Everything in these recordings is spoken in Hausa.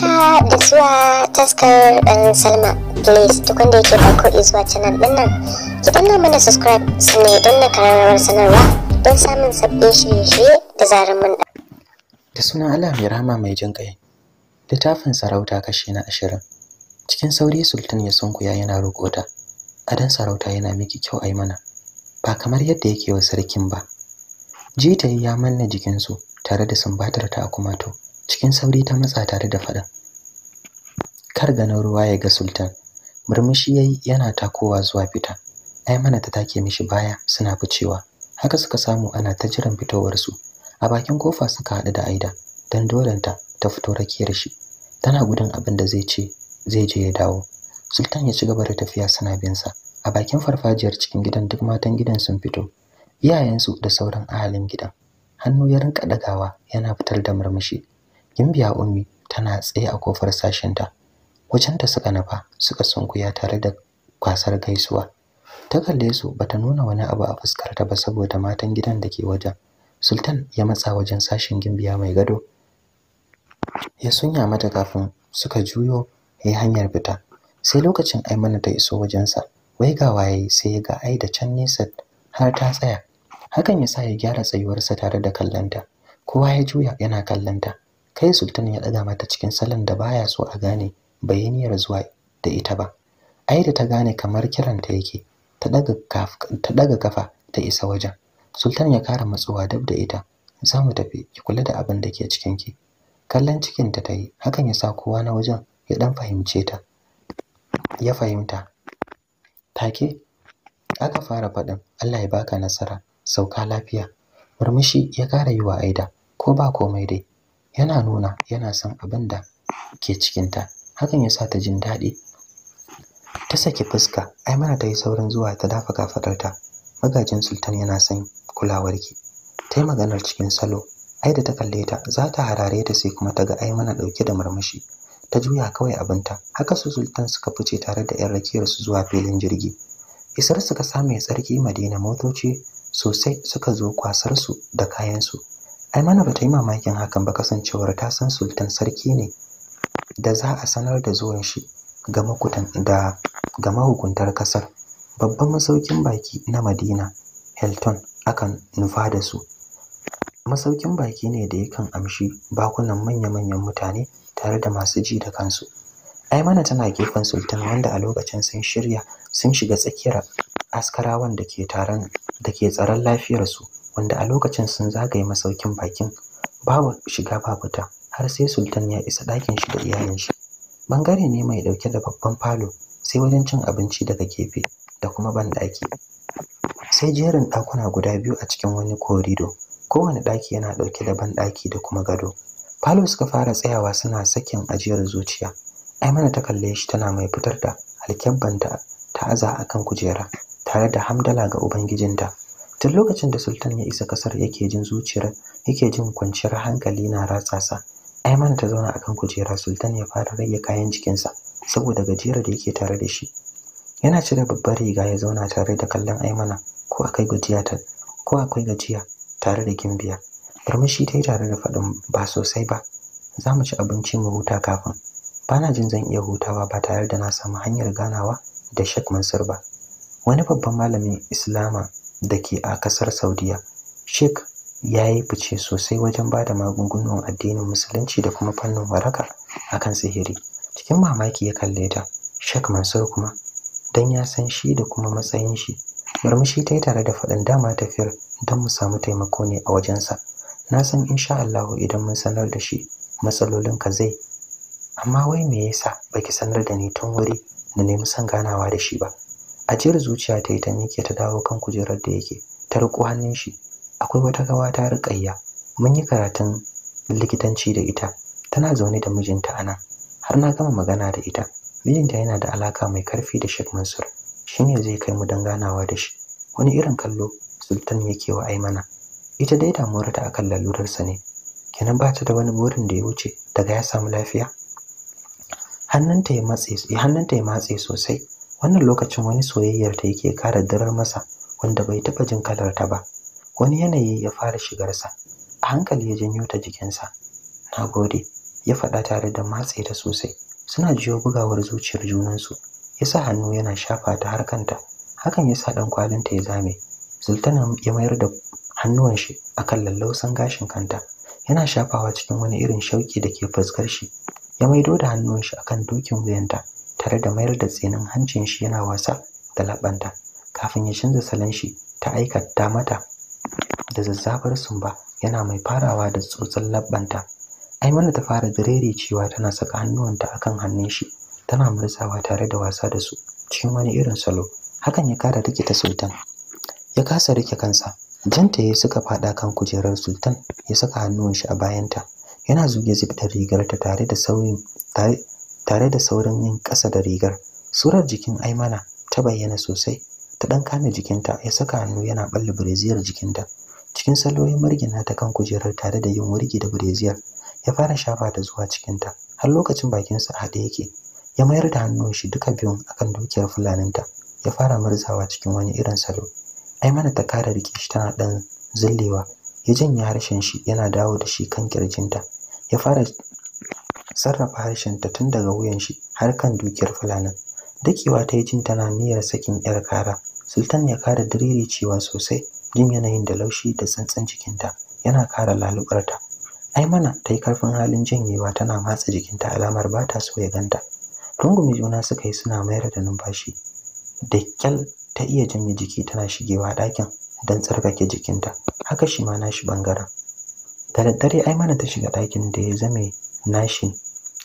haka ah, da zuwa taskar ɗan um, salma please duk wanda yake farko izuwa canal ɗin nan ki danna mana subscribe sannan don na kararrawar sanarwa don samun sabbin shirye-shirye da zarar mun da da sunan allah mai rama mai jin kai littafin sarauta kashi na ashirin cikin sauri sultan ya sunkuya yana roƙota adan sarauta yana miki kyau ai mana ba kamar yadda yake wa sarkin ba jita ya manna jikinsu tare da sumbatar ta a kumato cikin sauri ta matsa tare da faɗin kar ganin ruwa ya ga sultan murmushi yayi yana takowa zuwa fita ai mana ta take mishi baya suna ficewa haka suka samu ana ta jiran fitowar su a bakin kofa suka haɗu da aida dan dolenta ta fito rakiyar shi tana gudun abin da zai ce zai je ya dawo sultan ya ci gaba da tafiya suna bin sa a bakin farfajiyar cikin gidan duk matan gidan sun fito iyayensu da sauran ahalin gidan hannu ya rinka dagawa yana fitar da murmushi gimbiya ummi tana tsaye a kofar sashinta, wajen ta suka nafa suka sunkuya tare da kwasar gaisuwa ta kalle su bata nuna wani abu a fuskarta ba saboda matan gidan da ke wajen sultan ya matsa wajen sashin gimbiya mai gado ya sunya mata kafin suka juyo ya hanyar fita sai lokacin aimana ta iso wajensa wai ga waye sai ga ai da can nesa har ta tsaya hakan ya sa ya gyara tsayuwarsa tare da kallanta kowa ya juya yana kallanta kai sultan ya daga mata cikin salon da baya so a gane bayaniyar zuwa da ita ba ai da ta gane kamar kiranta yake ta ɗaga kafa ta isa wajen sultan ya kara matsuwa dab da ita za mu tafi ki kula da abin da ke cikin ki kallon cikin ta yi hakan ya sa kowa na wajen ya ɗan fahimce ta ya fahimta take aka fara faɗin Allah ya baka nasara sauka lafiya murmushi ya kara yi wa aida ko ba komai dai yana nuna yana son abin da ke cikinta hakan ya sa ta jin daɗi ta saki fuska ai mana ta yi saurin zuwa ta dafa kafaɗarta. magajin sultan yana son kulawarki ta yi maganar cikin salo ai da ta kalle ta za ta harare ta sai kuma ta ga ai mana ɗauke da murmushi ta juya kawai abinta haka su sultan suka fice tare da yan rakiyar su zuwa filin jirgi isar suka samu tsarki madina motoci sosai suka zo kwasar su da kayan su Aimana bata yi mamakin hakan ba kasancewar ta san Sultan sarki ne da za a sanar da zuwan shi ga makutan da ga mahukuntar kasar. Babban masaukin baki na Madina, Hilton akan nufa da su. Masaukin baki ne da yakan amshi bakunan manya-manyan mutane tare da masu ji da kansu. Aimana tana gefen Sultan wanda a lokacin sun shirya sun shiga tsakiyar askarawan da ke da ke tsaron lafiyarsu. wanda a lokacin sun zagaye masaukin bakin babu shiga ba fita har sai sultan ya isa ɗakin shi da iyalin shi bangare ne mai ɗauke da babban falo sai wajen cin abinci daga gefe da kuma banɗaki sai jerin ɗakuna guda biyu a cikin wani korido kowane ɗaki yana ɗauke da banɗaki da kuma gado falo suka fara tsayawa suna sakin ajiyar zuciya aimana ta kalle shi tana mai fitar da alkyabbanta ta aza akan kujera tare da hamdala ga ubangijinta tun lokacin da sultan ya isa kasar yake jin zuciyar yake jin kwanciyar hankali na ratsa sa 'Ai, aiman ta zauna akan kujera sultan ya fara rage kayan jikinsa saboda gajiyar da yake tare da shi yana cire babbar riga ya zauna tare da kallon aimana ko akai gajiya ta ko akwai gajiya tare da gimbiya Barmashi ta yi tare da faɗin ba sosai ba za mu ci abinci mu huta kafin bana jin zan iya hutawa ba tare da na samu hanyar ganawa da Sheikh Mansur ba wani babban malamin Islama da ke a ƙasar Saudiya. Sheikh ya yi fice sosai wajen ba da magungunan addinin musulunci da kuma fannin waraka kan sihiri. Cikin mamaki ya kalle ta, Sheikh Mansur kuma don ya san shi da kuma matsayin shi. Murmushi ta yi tare da faɗin dama tafiyar don mu samu taimako ne a wajensa. Na san insha Allahu idan mun sanar da shi matsalolinka zai. Amma wai me yasa baki sanar da ni tun wuri na nemi san ganawa da shi ba? ajiyar zuciya ta yi ta ta dawo kan kujerar da yake ta riƙo hannun shi akwai wata gawa ta riƙayya mun yi karatun likitanci da ita tana zaune da mijinta a nan har na gama magana da ita mijinta yana da alaka mai karfi da Sheikh Mansur ne zai kai mu don ganawa da shi wani irin kallo sultan yake wa aimana ita dai damuwar ta akan lalurarsa ne kenan ba ta da wani burin da ya wuce daga ya samu lafiya ya hannunta ya matse sosai wannan lokacin wani soyayyar ta yake kara darar masa wanda bai taɓa jin kalar ta ba wani yanayi ya fara shigarsa a hankali ya janyo ta jikinsa na gode ya faɗa tare da matse ta sosai suna jiyo bugawar zuciyar junansu ya sa hannu yana shafa ta har kanta hakan ya sa ɗan kwalinta ya zame sultanan ya mayar da hannuwan shi akan lallausan gashin kanta yana shafawa cikin wani irin shauki da ke fuskar shi ya maido da hannuwan shi akan dokin wuyanta tare da mayar da tsinin hancin shi yana wasa da labanta kafin ya canza salon shi ta aikata mata da zazzafar sumba yana mai farawa da tsotsin labanta mana ta fara direre cewa tana saka hannuwanta akan hannun shi tana murzawa tare da wasa da su cikin wani irin salo hakan ya kara take ta sultan ya kasa rike kansa janta ya suka fada kan kujerar sultan ya saka hannuwan shi a bayanta yana zuge zib rigar rigarta tare da sauyin tare tare da saurin yin ƙasa da rigar surar jikin aimana ta bayyana sosai ta ɗan kame jikinta ya saka hannu yana ɓalle bireziyar jikinta cikin saloyin margina ta kan kujerar tare da yin wurgi da bireziyar ya fara shafa ta zuwa cikinta har lokacin bakinsa haɗe yake ya mayar da hannun shi duka biyun a kan dukiyar fulaninta ya fara murzawa cikin wani irin salo aimana ta kara rike shi tana ɗan zillewa ya janya harshen shi yana dawo da shi kan kirjinta ya fara sarrafa harshen ta tun daga wuyan shi har kan dukiyar fulanin dakewa ta yi jin tana niyyar sakin yar kara sultan ya kara diriri cewa sosai jin yanayin da laushi da tsantsan jikinta yana kara lalubarta ai mana ta yi karfin halin janyewa tana matsa jikinta alamar ba ta so ya ganta rungumi juna suka yi suna mayar da numfashi da kyal ta iya janye jiki tana shigewa ɗakin don tsarkake jikinta haka shi ma nashi bangaren da daddare Aimana ta shiga ɗakin da ya zame nashi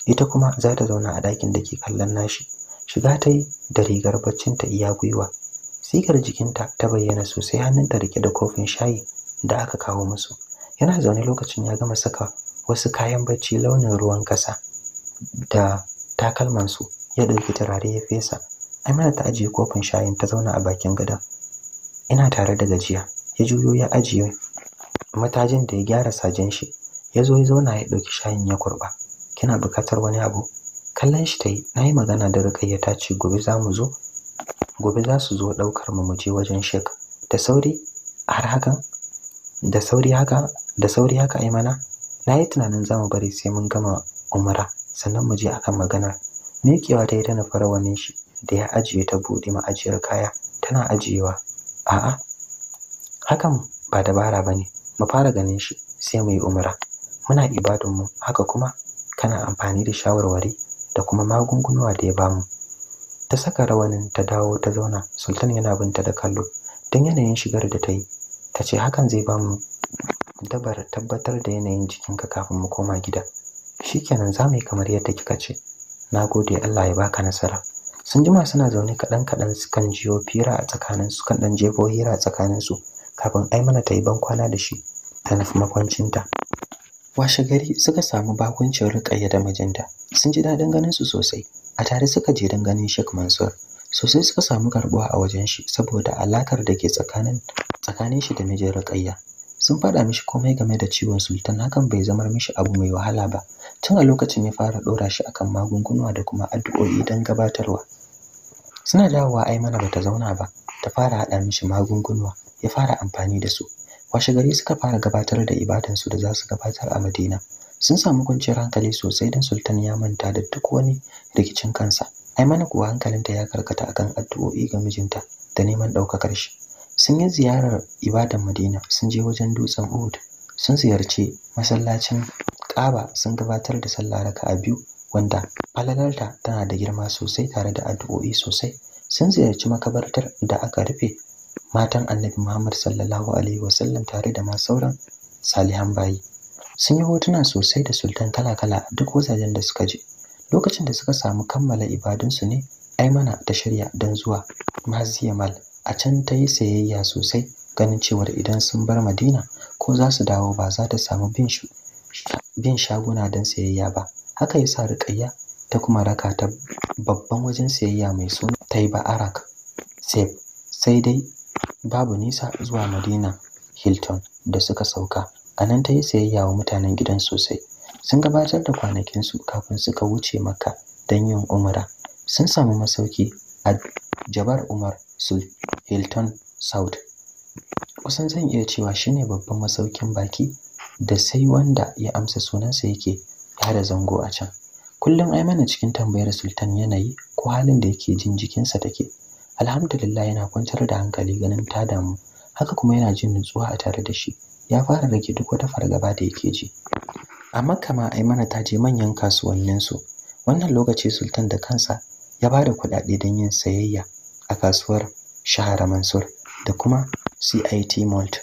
ita kuma za ta zauna a ɗakin da ke kallon nashi shiga ta yi da rigar baccin ta iya gwiwa sigar jikinta ta bayyana sosai hannunta rike da kofin shayi da aka kawo musu yana zaune lokacin ya gama saka wasu kayan bacci launin ruwan kasa da takalmansu ya ɗauki turare ya fesa amina ta ajiye kofin shayin ta zauna a bakin gadon ina tare da gajiya ya juyo ya ajiye matajin da ya gyara sajen shi ya zo ya zauna ya ɗauki shayin ya kurɓa kina bukatar wani abu kallon shi ta yi na yi magana da rukayya ta ce gobe za mu zo gobe za su zo ɗaukar mu mu je wajen shek da sauri har hakan da sauri haka da sauri haka ai mana na yi tunanin za mu bari sai mun gama umara sannan mu je akan magana miƙewa ta yi tana nufa shi da ya ajiye ta buɗe ma'ajiyar kaya tana ajiyewa a'a hakan ba dabara ba ne mu fara ganin shi sai mu yi umara muna mu haka kuma kana amfani da shawarwari da kuma magungunuwa da ya bamu ta saka rawanin ta dawo ta zauna sultan yana binta da kallo don yanayin shigar da ta yi ta ce hakan zai bamu dabar tabbatar da yanayin jikinka kafin mu koma gida shikenan za mu yi kamar yadda kika ce na gode allah ya baka nasara sun jima suna zaune kaɗan kaɗan sukan jiyo fira a tsakaninsu kan ɗan jefo hira a su kafin aimana ta yi bankwana da shi ta nufi makwancinta washe gari suka samu bakuncin rukayya da mijinta sun ji daɗin ganin su sosai a tare suka je don ganin Sheikh Mansur sosai suka samu karbuwa a wajen shi saboda alakar da ke tsakanin tsakanin shi da mijin rukayya sun faɗa mishi komai game da ciwon sultan hakan bai zamar mishi abu mai wahala ba tun a lokacin ya fara ɗora shi akan magunguna da kuma addu'o'i don gabatarwa suna dawowa ai mana bata zauna ba ta fara haɗa mishi magunguna ya fara amfani da su Washe, gari suka fara gabatar da ibadansu da za su gabatar a madina sun samu kwanciyar hankali sosai don sultan ya manta da duk wani rikicin kansa Ai mana kuwa hankalinta ya karkata akan addu'o'i ga mijinta da neman ɗaukakar shi sun yi ziyarar ibadan madina sun je wajen dutsen uhud sun ziyarci masallacin ƙaba sun gabatar da sallah a biyu wanda falalarta tana da girma sosai tare da addu'o'i sosai sun ziyarci makabartar da aka rufe matan annabi Muhammad sallallahu alaihi wasallam tare da ma sauran salihan bayi sun yi hotuna sosai da sultan kala-kala a duk wajajen da suka je lokacin da suka samu kammala ibadunsu ne aimana ta shirya don zuwa maziyamal a can ta yi sayayya sosai ganin cewar idan sun bar madina ko za su dawo ba za ta samu bin shaguna don sayayya ba haka yasa riƙayya ta kuma raka ta babban wajen sayayya mai suna ta yi ba'arak sai dai babu nisa zuwa Madina Hilton da suka sauka. A nan ta yi sayayya wa mutanen gidan sosai. Sun gabatar da kwanakinsu kafin suka wuce maka don yin umra. Sun samu masauki a Jabar Umar Hilton South. Kusan zan iya cewa shi ne babban masaukin baki da sai wanda ya amsa sunansa yake yada zango a can. Kullum ai mana cikin tambayar Sultan yanayi ko halin da yake jin jikinsa take. alhamdulillah yana kwantar da hankali ganin ta damu haka kuma yana jin nutsuwa a tare da shi ya fara rage duk wata fargaba da yake ji a makka ma aimana ta je manyan kasuwannin su wannan lokaci sultan da kansa ya ba da kuɗaɗe don yin sayayya a kasuwar shahara mansur da kuma cit malt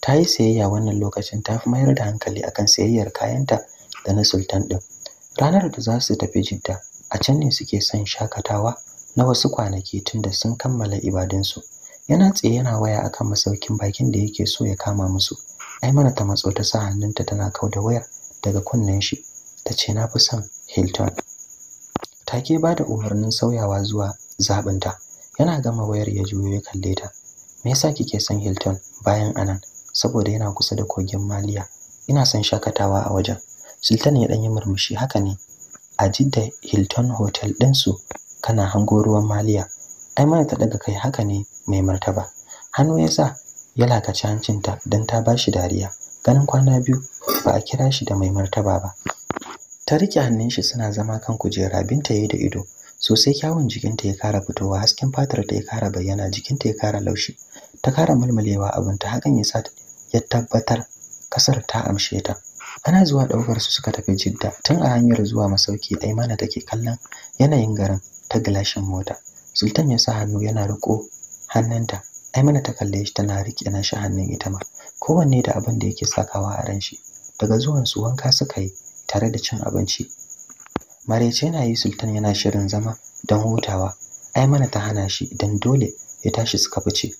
ta yi sayayya wannan lokacin ta fi mayar da hankali akan sayayyar kayanta da na sultan ɗin ranar da za su tafi jidda a can ne suke son shakatawa na wasu kwanaki tunda sun kammala ibadunsu yana tsaye yana waya akan masaukin bakin da yake so ya kama musu ai mana ta matso ta sa hannunta tana kau da wayar daga kunnen shi ta ce na fi son Hilton take ba da umarnin sauyawa zuwa zaɓinta yana gama wayar ya juyo ya kalle ta me yasa kike son Hilton bayan anan saboda yana kusa da kogin Maliya ina son shakatawa a wajen Sultan ya ɗan yi murmushi haka ne a Jidda Hilton Hotel ɗinsu kana hango ruwan maliya ai mana ta daga kai haka ne mai martaba hannu ya sa ya lakaci hancinta don ta ba shi dariya ganin kwana biyu ba a kira shi da mai martaba ba ta riƙe hannun shi suna zama kan kujera binta ya yi da ido sosai kyawun jikinta ya kara fitowa hasken fatar ta ya kara bayyana jikinta ya kara laushi ta kara mulmulewa abinta hakan ya sa ya tabbatar kasar ta amshe ta ana zuwa ɗaukar su suka tafi jidda tun a hanyar zuwa masauki aimana take kallon yanayin garin ta gilashin mota sultan ya sa hannu yana riko hannunta aimana ta kalle shi tana rike na hannun ita ma kowanne da abin da yake sakawa a ran shi daga zuwan su wanka suka yi tare da cin abinci marece na yi sultan yana shirin zama don hutawa aimana ta hana shi don dole ya tashi suka fice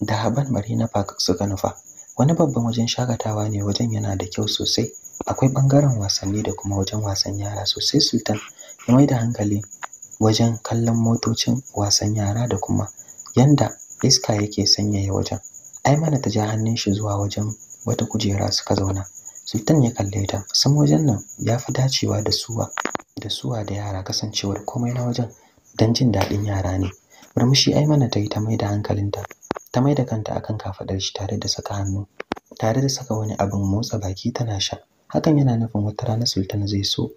da haban marina park suka nufa wani babban wajen shakatawa ne wajen yana da kyau sosai akwai ɓangaren wasanni da kuma wajen wasan yara sosai sultan ya mai da hankali wajen kallon motocin wasan yara da kuma yanda iska yake sanyaya wajen ai mana ta ja hannun shi zuwa wajen wata kujera suka zauna sultan ya kalle ta san wajen nan ya fi dacewa da suwa da suwa da yara kasancewar komai na wajen don jin daɗin yara ne murmushi mana ta yi ta mai da hankalinta ta mai da kanta akan kafaɗar shi tare da saka hannu tare da saka wani abin motsa baki tana sha hakan yana nufin wata rana sultan zai so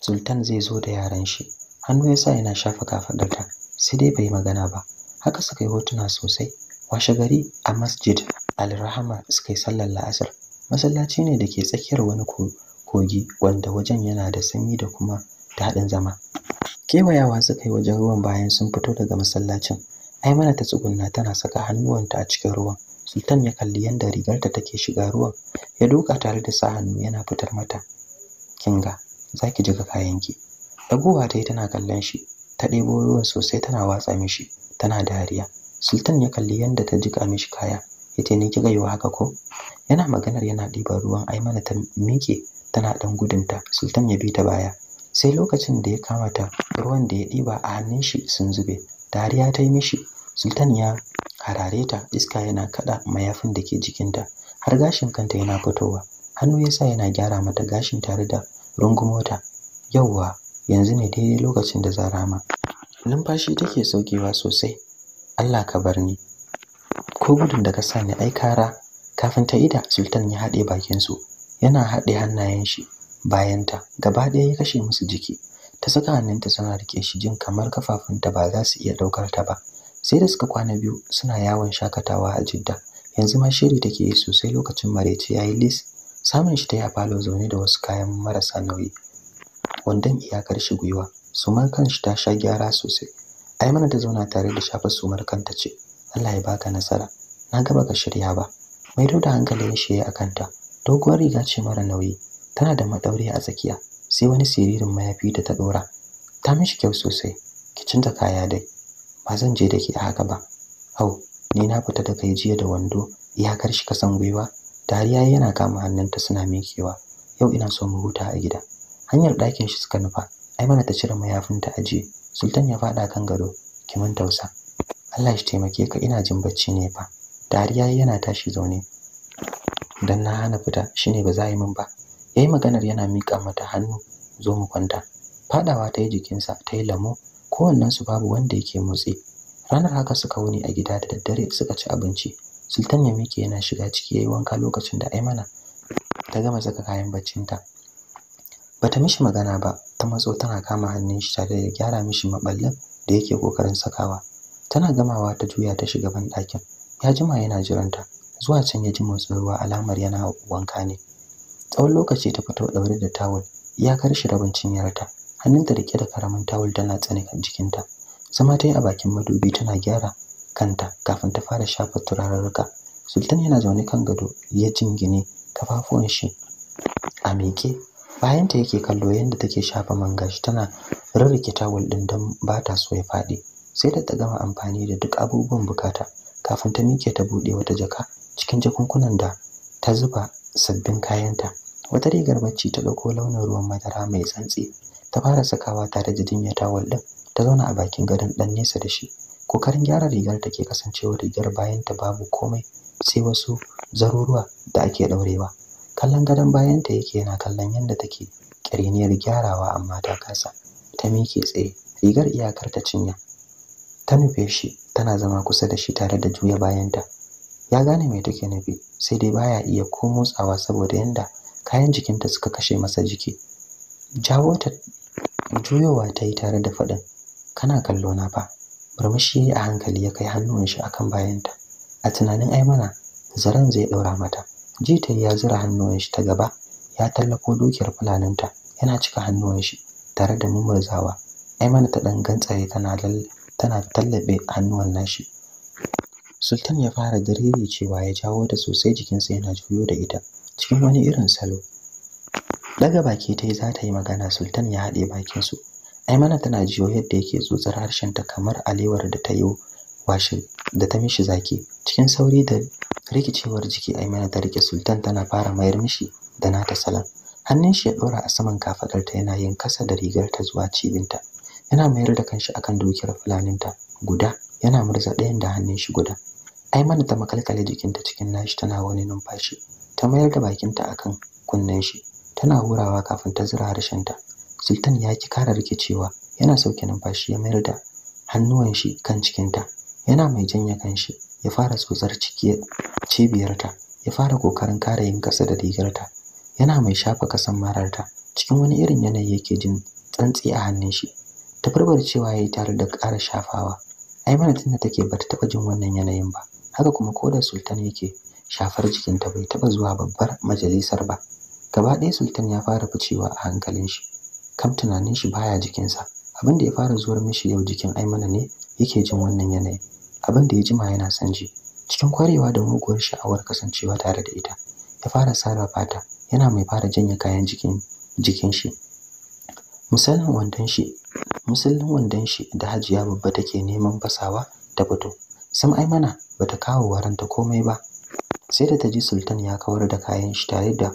sultan zai zo da yaran shi hannu ya sa yana shafa kafaɗarta sai dai bai magana ba haka suka yi hotuna sosai washe gari a masjid al-rahama suka yi sallar la'asar masallaci ne da ke tsakiyar wani kogi wanda wajen yana da sanyi da kuma daɗin zama kewayawa suka yi wajen ruwan bayan sun fito daga masallacin Ai mana ta tsugunna tana saka hannuwanta a cikin ruwan sultan ya kalli yadda rigarta take shiga ruwan ya duka tare da sa hannu yana fitar mata kinga zaki jiga kayanki Dagowa ta yi tana kallon shi, ta ɗebo ruwan sosai tana watsa mishi, tana dariya. Sultan ya kalli yadda ta jiƙa mishi kaya, ya ce ni kika yi haka ko? Yana maganar yana ɗiban ruwan ai mana ta miƙe tana ɗan gudunta, Sultan ya bi ta baya. Sai lokacin da ya kamata ruwan da ya ɗiba a hannun shi sun zube, dariya ta yi mishi, Sultan ya harare ta iska yana kaɗa mayafin da ke jikinta, har gashin kanta yana fitowa. Hannu ya sa yana gyara mata gashin tare da rungumota. Yauwa, yanzu ne daidai lokacin da zarama. rama numfashi take saukewa sosai Allah ka bar ni ko gudun da ka sa ni ai kara kafin ta ida sultan ya haɗe bakin su yana haɗe hannayen shi bayanta gaba ɗaya ya kashe musu jiki ta saka hannunta suna rike shi jin kamar kafafunta ba za su iya ɗaukar ta ba sai da suka kwana biyu suna yawon shakatawa a jidda yanzu ma shiri take yi sosai lokacin ce ya yi lis samun shi ta ya falo zaune da wasu kayan marasa nauyi wandon iyakar shi gwiwa sumar shi ta sha gyara sosai ai mana ta zauna tare da shafa sumar kanta ce Allah ya baka nasara na ga baka shirya ba mai da hankalin shi ya akanta doguwar riga ce mara nauyi tana da madauri a tsakiya sai wani siririn mayafi da ta dora ta mishi kyau sosai ki cinta kaya dai ba zan je da ke haka ba au ni na fita da kai jiya da wando iyakar shi kasan gwiwa dariya yana kama hannunta suna mikewa yau ina so mu huta a gida hanyar ɗakin shi suka nufa ai mana ta cire mayafin ta aje sultan ya faɗa kan gado kiman tausa Allah shi taimake ka ina jin bacci ne fa dariya yana tashi zaune dan na hana fita shine ba za a yi min ba yayi maganar yana miƙa mata hannu zo mu kwanta Faɗawa ta yi jikinsa ta yi lamo kowannen su babu wanda yake motsi ranar haka suka wuni a gida da daddare suka ci abinci sultan ya mike yana shiga ciki yayi wanka lokacin da aimana ta gama saka kayan baccinta bata mishi magana ba ta matso tana kama hannun shi tare da gyara mishi maballin da yake kokarin sakawa tana gamawa ta juya ta shiga ban ɗakin ya jima yana jiranta zuwa can ya ji motsin ruwa alamar yana wanka ne tsawon lokaci ta fito ɗaure da tawul ya shi rabin cinyarta hannunta rike da karamin tawul tana tsane jikinta zama ta yi a bakin madubi tana gyara kanta kafin ta fara shafa turarurruka sultan yana zaune kan gado ya jingine kafafuwan shi a miƙe bayanta yake kallo yadda take shafa man gashi tana rirrike tawul din don ba ta so ya faɗi sai da ta gama amfani da duk abubuwan bukata kafin ta mike ta buɗe wata jaka cikin jakunkunan da ta zuba sabbin kayanta wata rigar bacci ta ɗauko launin ruwan madara mai tsantsi ta fara sakawa tare da jinya tawul din ta zauna a bakin gadon ɗan nesa da shi kokarin gyara rigar ke kasancewa rigar bayanta babu komai sai wasu zaruruwa da ake ɗaurewa kallon gadon bayanta yake yana kallon yadda take ƙiriniyar gyarawa amma ta kasa ta miƙe tsaye rigar iyakar ta cinya ta nufe shi tana zama kusa da shi tare da juya bayanta ya gane me take nufi sai dai baya iya ko motsawa saboda yadda kayan jikinta suka kashe masa jiki jawo ta juyowa ta yi tare da faɗin kana kallo na fa murmushi a hankali ya kai hannuwan shi akan bayanta a tunanin ai mana zaren zai ɗaura mata jitar ya zura hannuwan shi ta gaba ya tallafo dukiyar fulaninta yana cika hannuwan shi tare da mumurzawa aimana ta dan gantsaye tana tana tallabe hannuwan nashi sultan ya fara diriri cewa ya jawo da sosai jikinsa yana juyo da ita cikin wani irin salo daga baki ta yi za ta yi magana sultan ya haɗe bakinsu aimana tana jiyo yadda yake tsotsar harshenta kamar alewar da ta yi washe da ta mishi zaki cikin sauri da rikicewar jiki Aimana ta rike Sultan tana fara mayar mishi da nata salam hannun shi ya dora a saman ta yana yin kasa da rigar ta zuwa cibinta yana mayar da kanshi akan dukiyar ta guda yana murza ɗayan da hannun shi guda Aimana ta makalkale jikinta cikin nashi tana wani numfashi ta mayar da bakinta akan kunnen shi tana hurawa kafin ta zura harshen ta. Sultan ya ki kara rikicewa yana sauke numfashi ya mayar da hannuwan shi kan cikinta yana mai janye kanshi ya fara tsotsar cibiyarta ya fara kokarin kare yin kasa da rigarta yana mai shafa kasan mararta cikin wani irin yanayi yake jin tsantsi a hannun shi tabarbar cewa ya yi tare da ƙara shafawa ai mana tunda take bata taba jin wannan yanayin ba haka kuma ko da sultan yake shafar jikinta bai taba zuwa babbar majalisar ba gaba ɗaya sultan ya fara ficewa a hankalin shi kam tunanin shi baya jikinsa abin da ya fara zuwar mishi yau jikin aimana ne yake jin wannan yanayi abin da ya jima yana son ji cikin kwarewa da muguwar sha'awar kasancewa tare da ita ya fara sarrafa ta yana mai fara janye kayan jikin jikin shi misalin wandon shi musallin wandon shi da hajiya babba take neman fasawa ta fito sam ai mana bata kawo waranta komai ba sai da ta ji sultan ya kawar da kayan shi tare da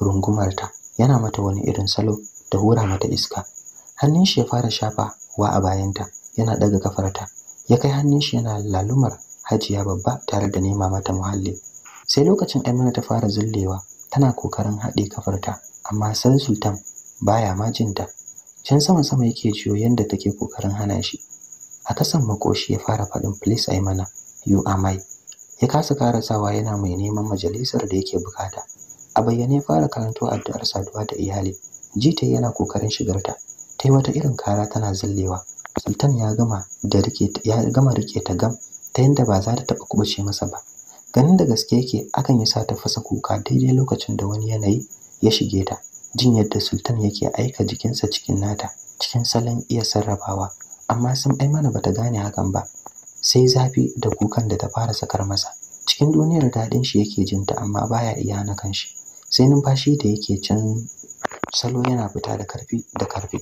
rungumarta yana mata wani irin salo da hura mata iska hannun shi ya fara shafa wa a bayanta yana daga kafarta ya kai hannun shi yana lalumar hajiya babba tare da nema mata muhalli sai lokacin aimana ta fara zullewa tana kokarin haɗe kafarta amma san sultan baya ma jinta can sama sama yake jiyo yadda take kokarin hana shi a kasan makoshi ya fara faɗin please aimana you are my ya kasa karasawa yana mai neman majalisar da yake bukata a bayyane ya fara karanto addu'ar saduwa da iyali jita yana kokarin shigarta ta yi wata irin kara tana zillewa sultan ya gama da rike ya gama rike ta gam ta yanda ba za ta taba kubuce masa ba ganin da gaske yake akan yi sa ta fasa kuka daidai lokacin da wani yanayi ya shige ta jin yadda sultan yake aika jikinsa cikin nata cikin salon iya sarrafawa amma sun ai mana bata gane hakan ba sai zafi da kukan da ta fara sakar masa cikin duniyar dadin shi yake jin ta amma baya iya na kanshi sai numfashi da yake can salo yana fita da karfi da karfi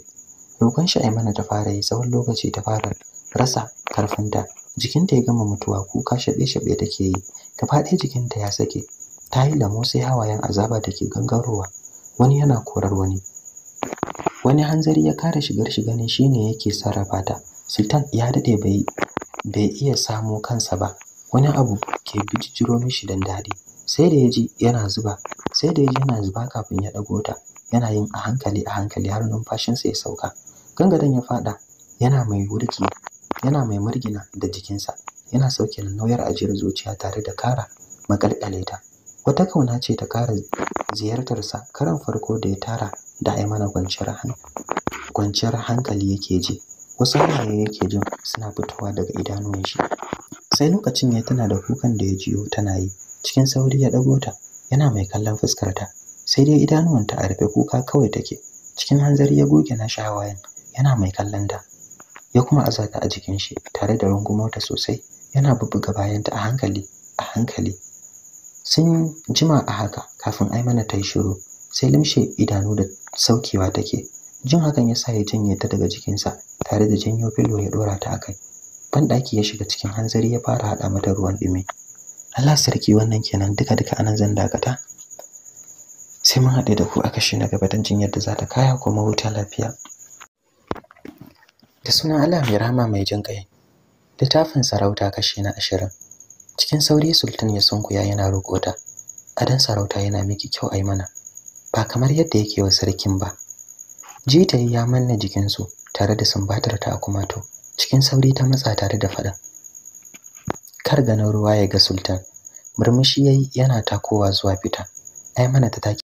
roƙon shi mana ta fara yi tsawon lokaci ta fara rasa karfinta jikinta ya gama mutuwa kuka shaɓe shaɓe take yi gaba ɗaya jikinta ya sake ta yi lamo sai hawayen azaba da ke gangarowa wani yana korar wani wani hanzari ya kare shigar shi ganin shine yake sarrafa ta sultan ya daɗe bai bai iya samo kansa ba wani abu ke bijiro mishi dan dadi sai da yaji yana zuba sai da yaji yana zuba kafin ya dago ta yana yin a hankali a hankali har numfashinsa ya sauka kan gadon ya faɗa, yana mai wurgi yana mai murgina da jikinsa yana sauke nauyar ajiyar zuciya tare da kara makalkale ta wata kauna ce ta kara ziyartarsa karan farko da ya tara da ai mana kwanciyar kwanciyar hankali yake ji wasu hawaye yake jin suna fitowa daga idanuwan shi sai lokacin ya tana da kukan da ya jiyo tana yi cikin sauri ya ɗago ta yana mai kallon fuskarta sai dai idanuwanta a rufe kuka kawai take cikin hanzari ya goge na hawayen yana mai kallon kallonta ya kuma azata a jikin shi tare da rungumota sosai yana bubbuga bayanta a hankali a hankali sun jima a haka kafin ai mana ta yi shiru sai limshe idanu da saukewa take jin hakan ya sa ya janye ta daga jikinsa tare da janyo filo ya dora ta akai banɗaki ya shiga cikin hanzari ya fara haɗa mata ruwan ɗumi Allah sarki wannan kenan duka duka anan zan dakata sai mun haɗe da ku a kashi na gaba don jin yadda za ta kaya kuma wuta lafiya da sunan Allah mai mai jin ƙai littafin sarauta kashi na ashirin cikin sauri sultan ya sunkuya yana roƙota adan sarauta yana miki kyau a mana ba kamar yadda yake wa sarkin ba jita ya manna jikinsu tare da sumbatar ta akumato cikin sauri ta matsa tare da faɗa kar ganin ruwa ya ga sultan murmushi yayi yana takowa zuwa fita ai ta take